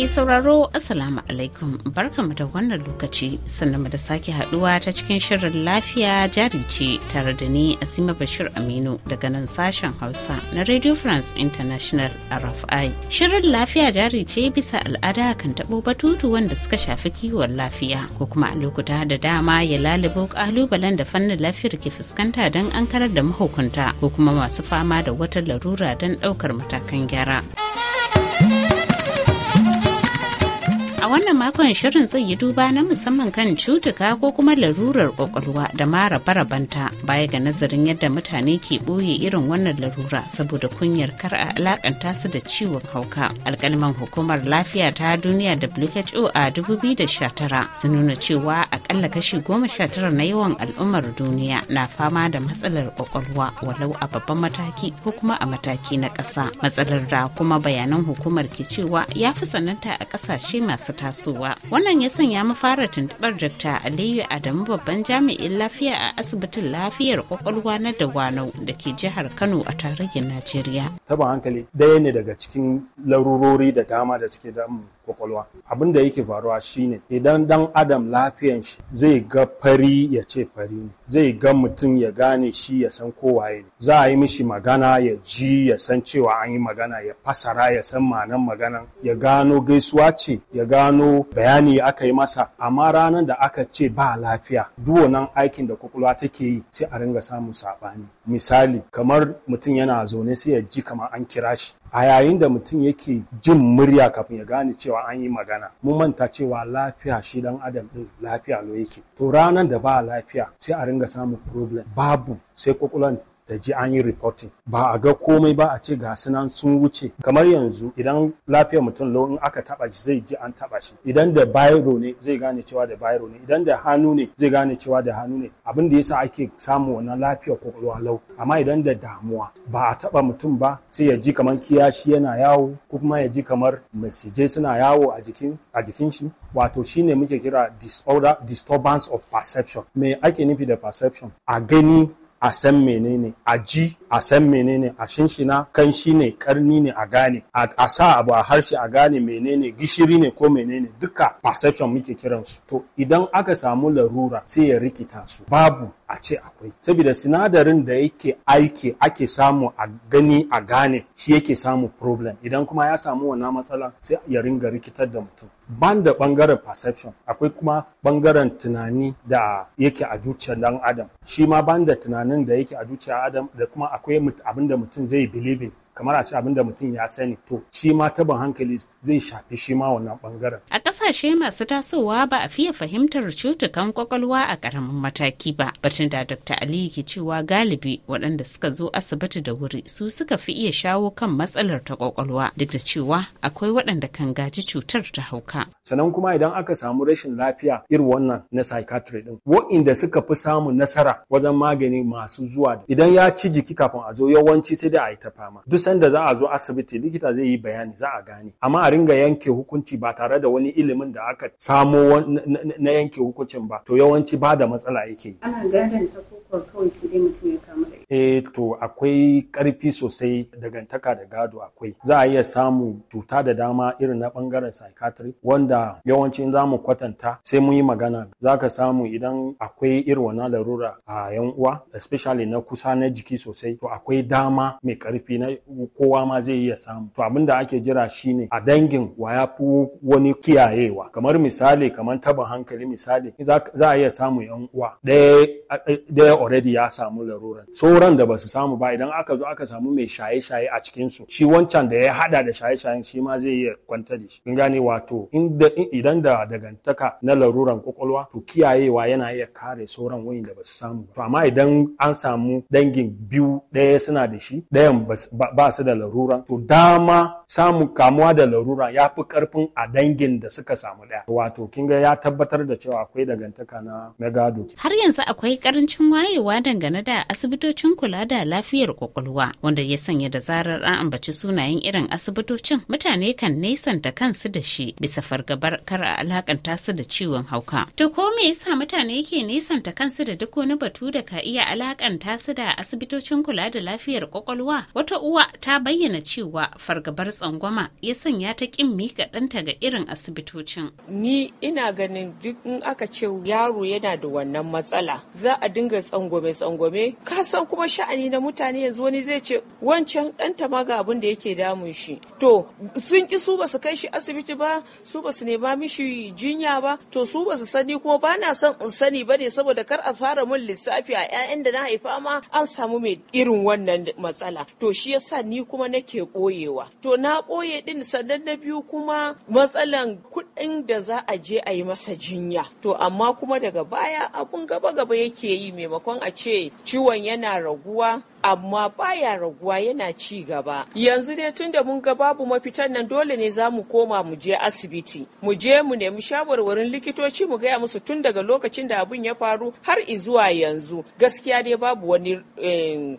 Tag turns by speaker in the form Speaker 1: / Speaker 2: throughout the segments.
Speaker 1: mai sauraro Assalamu alaikum barkamu da wannan lokaci sannan da sake haduwa ta cikin shirin lafiya jari ce tare da ni Asima Bashir Aminu daga nan sashen Hausa na Radio France International RFI. Shirin lafiya jari ce bisa al'ada kan tabo batutu wanda suka shafi kiwon lafiya ko kuma a lokuta da dama ya lalibo kalubalen da fannin lafiyar ke fuskanta don an karar da mahukunta ko kuma masu fama da wata larura don daukar matakan gyara. wannan makon shirin zai yi duba na musamman kan cutuka ko kuma larurar kwakwalwa da mara barabanta baya ga nazarin yadda mutane ke ɓoye irin wannan larura saboda kunyar kar a alakanta su da ciwon hauka. Alkalman hukumar lafiya ta duniya WHO a 2019 sun nuna cewa akalla kashi goma 19 na yawan al'ummar duniya na fama da matsalar kwakwalwa walau a babban mataki ko kuma a mataki na ƙasa. Matsalar da kuma bayanan hukumar ke cewa ya fi tsananta a ƙasashe masu tasowa wannan ya sanya mu fara tuntubar dr aliyu adamu babban jami'in lafiya a asibitin lafiyar kwakwalwa na dawanau da ke jihar kano a tarihin najeriya
Speaker 2: taba hankali daya ne daga cikin larurori da dama da suke damu kwakwalwa abin da yake faruwa shine idan dan adam lafiyan shi zai ga fari ya ce fari ne zai ga mutum ya gane shi ya san kowaye ne za a yi mishi magana ya ji ya san cewa an yi magana ya fasara ya san ma'anar maganan ya gano gaisuwa ce ya gano gano bayani aka yi masa amma ranar da aka ce ba lafiya duwanan aikin da kwakwalwa take yi sai a ringa samun saɓani misali kamar mutum yana zaune sai ya ji kamar an kira shi a yayin da mutum yake jin murya kafin ya gane cewa an yi magana mun manta cewa lafiya shi dan adam din lafiya lo yake to ranar da ba lafiya sai a ringa samun problem babu sai kwakwalwa da ji an yi reporting ba a ga komai ba a ce ga sunan sun wuce kamar yanzu idan lafiyar mutum lau in aka taba shi zai ji an taba shi idan da biro ne zai gane cewa da biro ne idan da hannu ne zai gane cewa da hannu ne abin da yasa ake samu wannan lafiyar kwakwalwa lau amma idan da damuwa ba a taba mutum ba sai ya ji kamar kiyashi yana yawo ko kuma ya ji kamar masijai suna yawo a jikin a jikin shi wato shine muke kira disorder disturbance of perception me ake nufi da perception a gani a san menene a ji a san menene a shinshina kan shi ne karni ne a gane a sa abu a harshe a gane menene gishiri ne ko menene duka perception muke kiransu to idan aka samu larura sai ya rikita su babu a ce akwai saboda sinadarin da yake aiki ake samu a gani a gane shi yake samu problem idan kuma ya samu wannan matsala sai ya ringa rikitar da mutum ban da bangaren perception akwai kuma bangaren tunani da yake a zuciyar dan adam shi ma ban da tunanin da yake a zuciyar adam da kuma akwai abinda mutum zai believing kamar a ci abin da mutum ya sani to shi ma taban hankali zai shafi shi ma wannan bangaren.
Speaker 1: A kasashe masu tasowa ba a fiye fahimtar cutukan kwakwalwa a karamin mataki ba. Batun da Dr. Ali ke cewa galibi waɗanda suka zo asibiti da wuri su suka fi iya shawo kan matsalar ta kwakwalwa duk da cewa akwai waɗanda kan gaji cutar ta hauka.
Speaker 2: Sannan kuma idan aka samu rashin lafiya irin wannan na psychiatry din wa'inda suka fi samun nasara wajen magani masu zuwa idan ya ci jiki kafin a zo yawanci sai da a yi ta fama. sanda za a zo asibiti likita zai yi bayani za a gane amma a ringa yanke hukunci ba tare da wani ilimin da aka samo na yanke hukuncin ba to yawanci ba da matsala yake
Speaker 1: ana gadon ta kawai su dai mutum ya kama
Speaker 2: eh to akwai karfi sosai dagantaka da gado akwai za a iya samu cuta da dama irin na bangaren psychiatry wanda yawanci za mu kwatanta sai mun yi magana za ka samu idan akwai irin wannan larura a yan uwa especially na kusa na jiki sosai to akwai dama mai karfi na kowa ma zai iya samu to abin da ake jira shine a dangin wa ya fi wani kiyayewa kamar misali kamar taban hankali misali za a iya samu yan uwa ɗaya already ya samu larura so sauran da ba su samu ba idan aka zo aka samu mai shaye-shaye a cikinsu shi wancan da ya hada da shaye-shayen shi ma zai iya kwanta da shi in gane wato idan da dagantaka na laruran kwakwalwa to kiyayewa yana iya kare sauran wayin da ba su samu ba amma idan an samu dangin biyu ɗaya suna da shi ɗayan ba su da laruran to dama samun kamuwa da larura ya fi karfin a dangin da suka samu ɗaya wato kinga ya tabbatar da cewa akwai dagantaka na megado
Speaker 1: har yanzu akwai karancin wayewa dangane da asibitocin cibiyoyin kula da lafiyar kwakwalwa wanda ya sanya da zarar an ambaci sunayen irin asibitocin mutane kan nesanta kansu da shi bisa fargabar kar a alakanta su da ciwon hauka. To ko me yasa mutane ke nesanta kansu da duk wani batu da ka iya alakanta su da asibitocin kula da lafiyar kwakwalwa? Wata uwa ta bayyana cewa fargabar tsangwama ya sanya ta kin miƙa ɗanta ga irin asibitocin. Ni ina ganin duk in aka ce yaro yana da wannan matsala za a dinga tsangwame-tsangwame ka san kuma kuma sha'ani na mutane yanzu wani zai ce wancan ɗanta ma ga abin da yake damun shi to sun ki su basu kai shi asibiti ba su basu nema mishi jinya ba to su basu sani kuma ba na son in sani ba ne saboda kar a fara mun lissafi a 'ya'yan da na haifa ma an samu mai irin wannan matsala to shi yasa ni kuma nake boyewa to na boye din sannan na biyu kuma matsalan kuɗin da za a je a yi masa jinya to amma kuma daga baya abun gaba-gaba yake yi maimakon a ce ciwon yana 我。amma baya raguwa yana ci gaba yanzu dai tun da mun ga babu mafitan nan dole ne za mu koma mu je asibiti mu je mu nemi shawarwarin likitoci mu gaya musu tun daga lokacin da abin ya faru har izuwa yanzu gaskiya dai babu wani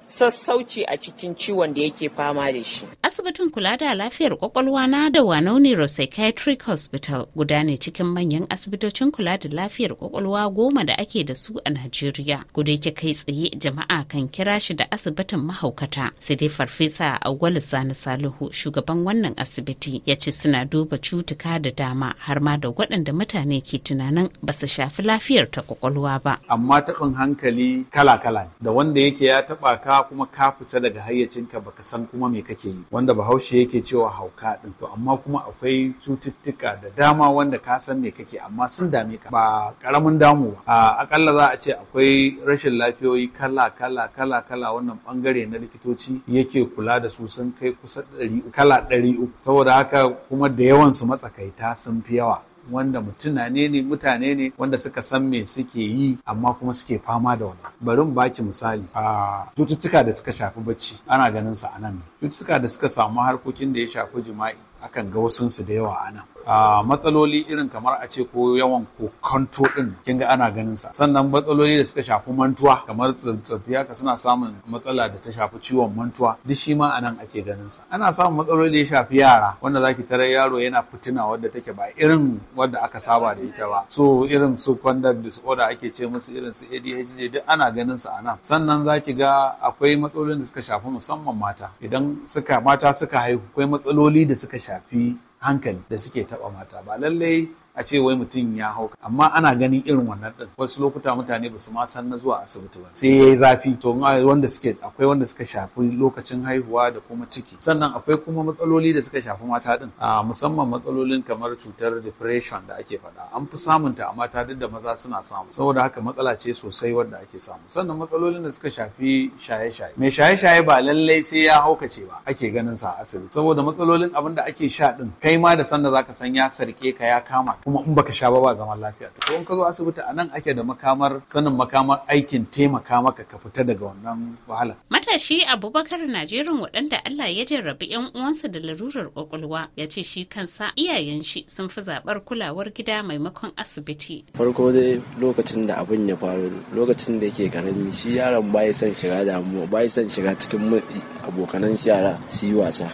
Speaker 1: sassauci a cikin ciwon da yake fama da shi asibitin kula da lafiyar kwakwalwa na da wanau Psychiatric hospital guda ne cikin manyan asibitocin kula da lafiyar kwakwalwa goma da ake da su a najeriya guda yake kai tsaye jama'a kan kira shi da asibiti asibitin mahaukata sai dai farfesa a Auwalu Sani Salihu shugaban wannan asibiti ya ce suna duba cutuka da dama har ma da waɗanda mutane ke tunanin ba su shafi lafiyar ta kwakwalwa ba. Amma taɓin
Speaker 3: hankali kala-kala da wanda yake ya taɓa ka kuma ka fita daga hayyacinka baka san kuma me kake yi wanda bahaushe yake cewa hauka ɗin to amma kuma akwai cututtuka da dama wanda ka san me kake amma sun dame ka ba ƙaramin damu ba. Akalla za a ce akwai rashin lafiyoyi kala-kala kala-kala wannan bangare na likitoci yake kula da su sun kai kusa kala ɗari uku saboda haka kuma da yawan su matsakaita sun fi yawa wanda mutuna ne ne mutane ne wanda suka san me suke yi amma kuma suke fama da wannan Barin baki misali a cututtuka da suka shafi bacci ana ganin sa a nan cututtuka da suka samu harkokin da ya shafi jima'i akan ga wasunsu da yawa anan. a matsaloli irin kamar a ce ko yawan kokanto din kin ga ana ganin sa sannan matsaloli da suka shafi mantuwa kamar tsafiya ka suna samun matsala da ta shafi ciwon mantuwa duk shi ma anan ake ganin sa ana samun matsaloli da ya shafi yara wanda zaki tarar yaro yana fitina wadda take ba irin wadda aka saba da ita ba so irin su conduct disorder ake ce musu irin su ADHD duk ana ganin sa anan sannan zaki ga akwai matsalolin da suka shafi musamman mata idan suka mata suka haihu akwai matsaloli da suka shafi hankali da suke taɓa mata ba lallai a ce wai mutum ya hau amma ana ganin irin wannan din wasu lokuta mutane ba su ma san na zuwa asibiti ba sai yayi zafi to wanda suke akwai wanda suka shafi lokacin haihuwa da kuma ciki sannan akwai kuma matsaloli da suka shafi mata din a musamman matsalolin kamar cutar depression da ake faɗa an fi samun ta a mata duk da maza suna samu saboda haka matsala ce sosai wanda ake samu sannan matsalolin da suka shafi shaye-shaye mai shaye-shaye ba lallai sai ya haukace ba ake ganin sa a asibiti saboda matsalolin abin da ake sha din kai ma da sanda zaka san ya sarke ka ya kama kuma in baka sha ba ba zaman lafiya to in ka zo asibiti a nan ake da makamar sanin makamar aikin taimaka maka ka fita daga wannan wahala
Speaker 1: matashi abubakar najerin waɗanda Allah ya jarrabi yan uwansa da larurar kwakwalwa ya ce shi kansa iyayen shi sun fi zaɓar kulawar gida maimakon asibiti
Speaker 2: farko dai lokacin da abin ya faru lokacin da yake karami shi yaron bai son shiga damuwa bai son shiga cikin abokanan yara su yi wasa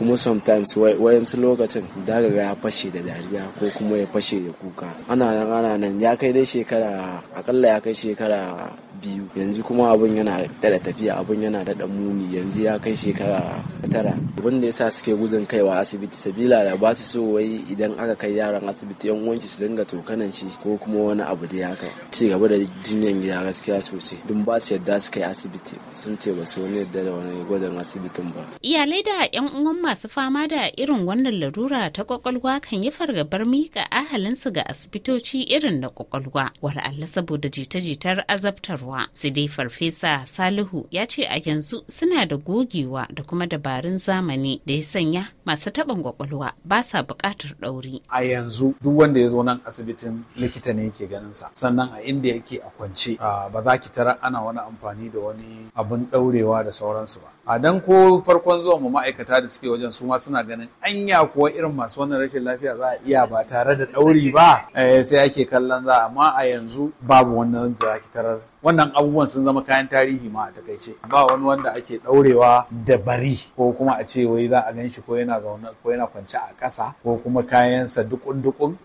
Speaker 2: kuma sometimes wayansu lokacin da ya fashe da dariya ko kuma ya fashe da kuka ana ana nan ya kai dai shekara akalla ya kai shekara biyu yanzu kuma abun yana dada tafiya abun yana dada muni yanzu ya kai shekara tara abin da yasa suke gudun kaiwa asibiti sabila da ba su so wai idan aka kai yaran asibiti yan uwanci su dinga tokanan shi ko kuma wani abu da ya kai ci gaba da jinyan gida gaskiya sosai dun ba su yadda su kai asibiti sun ce ba su wani yadda da wani gwadon asibitin ba
Speaker 1: iyalai da yan uwan masu fama da irin wannan larura ta kwakwalwa kan yi fargabar miƙa ahalinsu ga asibitoci irin na kwakwalwa wala'alla saboda jita-jitar azabtarwa gogewa sidi farfesa salihu ya ce a yanzu suna da gogewa da kuma dabarun zamani da ya sanya masu taɓin kwakwalwa ba sa buƙatar ɗauri
Speaker 3: a yanzu duk wanda ya zo nan asibitin likita ne yake ganin sa sannan a inda yake a kwance ah, ba za ki tara ana wani amfani da wani abun ɗaurewa da sauransu ba a dan ko farkon zuwa mu ma'aikata da suke wajen su ma suna ganin anya kuwa irin masu wannan rashin lafiya za a iya ba tare da ɗauri ba eh, sai ake kallon za amma a yanzu babu wannan da tarar wannan abubuwan sun zama kayan tarihi ma a takaice ba wani wanda ake daurewa
Speaker 2: da bari
Speaker 3: ko kuma a ce wai za a gan shi ko yana zaune ko yana kwance a ƙasa ko kuma kayansa dukun dukun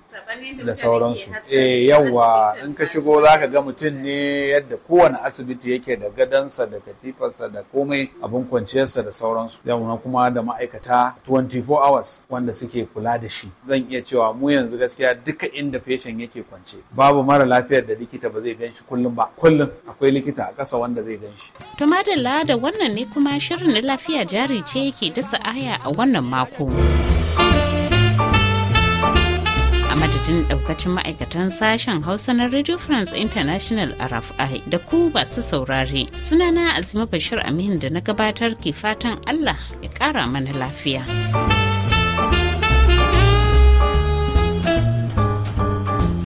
Speaker 2: da sauransu eh yawa
Speaker 3: in ka shigo za ka ga mutum ne yadda kowane asibiti yake da gadansa da katifarsa da komai abin kwanciyarsa da sauransu yamma kuma da ma'aikata 24 hours wanda suke kula da shi zan iya cewa mu yanzu gaskiya duka inda patient yake kwance babu mara lafiyar da likita ba zai gan shi kullum ba kullum akwai likita a ƙasa wanda zai gan shi
Speaker 1: to madalla da wannan ne kuma shirin lafiya jari ce yake dasa aya a wannan mako. madadin daukacin ma'aikatan sashen hausa na radio france international rafi da ku masu saurare sunana azima bashir aminu da na gabatar ke fatan allah ya kara mana lafiya.